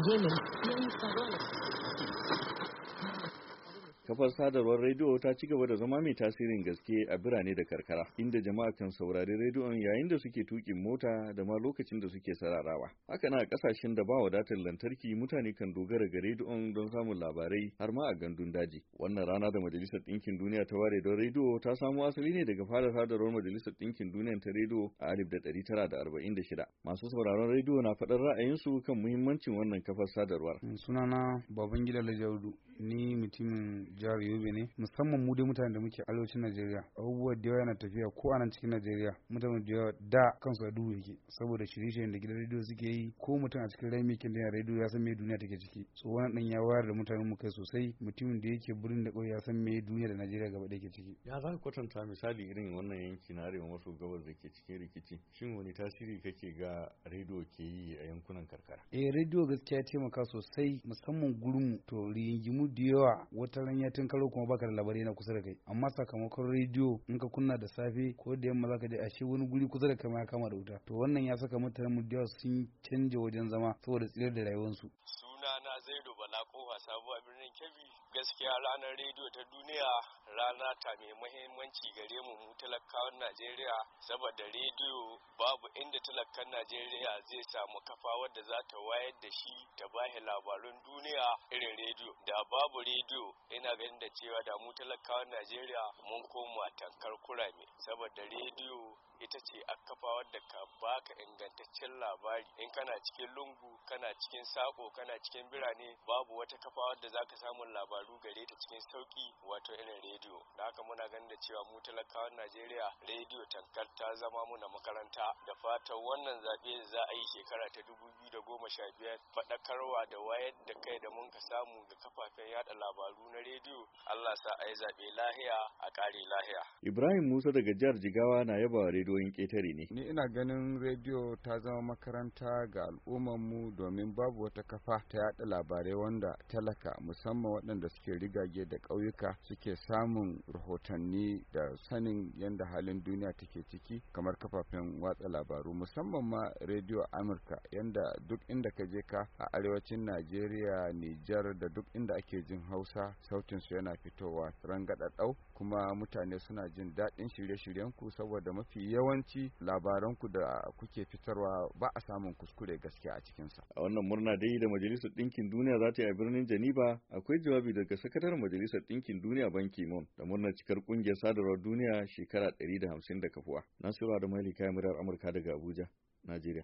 Гемель. kafar sadarwar rediyo ta ci gaba da zama mai tasirin gaske a birane da karkara inda jama'a kan saurari rediyon yayin da suke tukin mota da ma lokacin da suke sararawa haka na kasashen da ba wadatar lantarki mutane kan dogara ga rediyon don samun labarai har ma a gandun daji wannan rana da majalisar ɗinkin duniya ta ware don rediyo ta samo asali ne daga fara sadarwar majalisar ɗinkin duniya ta rediyo a alif da ɗari tara da arba'in da shida masu sauraron rediyo na faɗar ra'ayinsu kan muhimmancin wannan kafar sadarwar sunana babangida lajaudu ni mutumin jihar Yobe ne musamman mu dai mutanen da muke arewacin Najeriya abubuwa da yawa yana tafiya ko a nan cikin Najeriya mutane da yawa da kansu a duhu yake saboda shirye-shiryen da gidan rediyo suke yi ko mutum a cikin rami yake da rediyo ya san me duniya take ciki so wannan dan ya wayar da mutanen mu kai sosai mutumin da yake birnin da ƙauye ya san me duniya da Najeriya gaba ɗaya ke ciki ya za ka kwatanta misali irin wannan yanki na arewa maso gabas da ke cikin rikici shin wani tasiri kake ga rediyo ke yi a yankunan karkara eh rediyo gaskiya ya taimaka sosai musamman gurin to rigingimu da yawa wata ran ya karo kuma baka da labari na kusa da kai amma sakamakon rediyo in ka kunna da safe ko da yamma zaka je a shi wani guri kusa da kai ma ya kama da wuta to wannan ya saka mutanen mu sun canja wajen zama saboda tsirar da rayuwarsu sunana zaidu bala kofa sabuwa birnin kebbi gaskiya ranar rediyo ta duniya rana ta mai mahimmanci gare mu mu talakawan najeriya saboda rediyo babu inda talakan najeriya zai samu kafa wadda za ta wayar da shi ta bahi labarun duniya irin rediyo da babu rediyo ina ganin da cewa da mu talakawan najeriya mun koma tankar kurame saboda rediyo ita A kafa wadda ka baka ingantaccen labari in kana cikin lungu kana cikin sako kana cikin birane babu wata kafa wadda zaka samu labaru gare ta cikin sauki wato irin rediyo da haka muna ganin da cewa mu talakawan Najeriya rediyo tankar ta zama muna makaranta da fatan wannan zaɓe za a yi shekara ta dubu biyu da goma sha biyar faɗakarwa da wayar da kai da mun ka samu ga kafafen yada labaru na rediyo Allah sa a yi zaɓe lahiya a ƙare lahiya. Ibrahim Musa daga jihar Jigawa na yaba rediyoyin ƙeta. ne ni ina ganin rediyo ta zama makaranta ga mu domin babu wata kafa ta yada labarai wanda talaka musamman waɗanda suke rigage da ƙauyuka suke samun rahotanni da sanin yadda halin duniya take ciki kamar kafafen watsa labaru musamman ma rediyo amurka yadda duk inda ka je ka a arewacin najeriya nijar da duk inda ake jin hausa sautin su yana fitowa ɗau kuma mutane suna jin daɗin shirye shiryenku saboda mafi yawanci labaranku da kuke fitarwa ba a samun kuskure gaskiya a cikinsa. A wannan murna dai da Majalisar Ɗinkin Duniya za ta yi a birnin Janiba akwai jawabi daga sakataren Majalisar Ɗinkin Duniya banki Kimon da murnar cikar ƙungiyar sadarwar duniya shekara 150 da kafuwa. Nasiru Adamu Maili kayan murar Amurka daga Abuja, Najeriya.